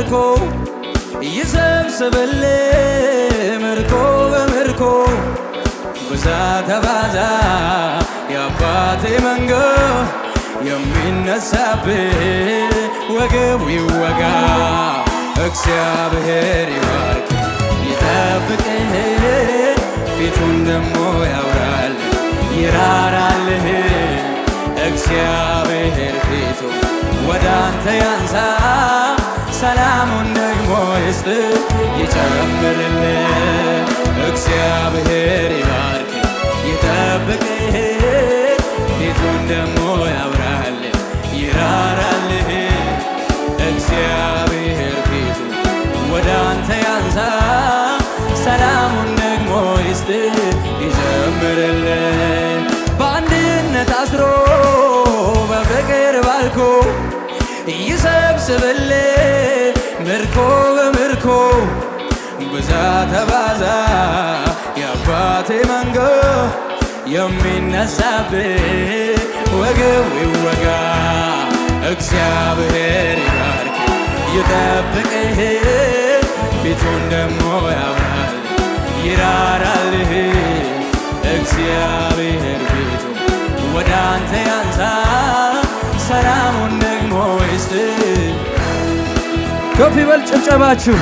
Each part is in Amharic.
በምርኮ እየሰብስብል ምርኮ በምርኮ ብዛ ተባዛ የአባቴ መንጎ የሚነሳብ ወገቡ ይወጋ። እግዚአብሔር ይባርክ ይጠብቅህ፣ ፊቱን ደሞ ያውራል ይራራልህ። እግዚአብሔር ፊቱ ወዳንተ ያንሳ ሰላሙን ደግሞ ይስጥ ይጨምርልን። እግዚአብሔር ይባርክ ይጠብቅህ፣ ፊቱን ደግሞ ያብራል ይራራልህ። እግዚአብሔር ፊቱ ወደ አንተ ያንሳ፣ ሰላሙን ደግሞ ይስጥ ይጨምርልን። በአንድነት አስሮ በፍቅር ባልኮ ይሰብስብልን በምርኮ በምርኮ ብዛ ተባዛ የአባቴ መንጎ የሚነሳብ ወገብ ይወጋ እግዚአብሔር ይባርክ ይጠብቅህ ፊቱን ደሞ ያብራል ይራራልህ እግዚአብሔር ፊቱ ወደ አንተ ያንሳ ከፍ ይበል ጭብጨባችሁ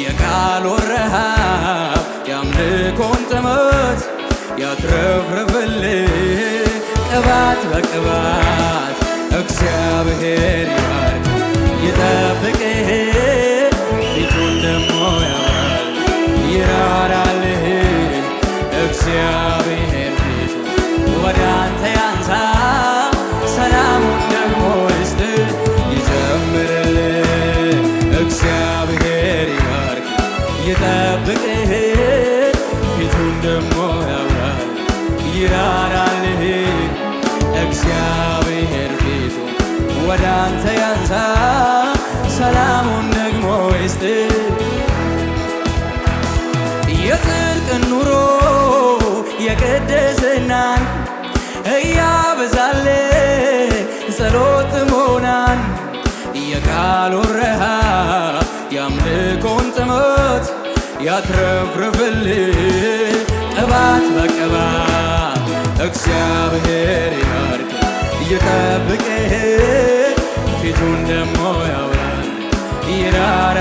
የቃሉ ረሃብ የአምልኮን ጥማት ያትረፍርፍልህ ቅባት በቅባት እግዚአብሔር ይባርክ ይጠብቅህ ፊቱን ደግሞ ያበራል ይራራልህ እግዚአብሔር ደግሞ ያምራል ይራራልህ እግዚአብሔር ፊቱ ወደ አንተ ያንሳ ሰላሙን ደግሞ ይስጥ የጽድቅን ኑሮ የቅድስናን እያበዛል ጸሎት ሞናን የቃሉን ረሃብ የአምልኮን ጥሞት ያትረፍርፍልህ በቅባት በቅባት እግዚአብሔር ይባርክ እየጠብቅህ ፊቱን ደግሞ ያውራል ይራ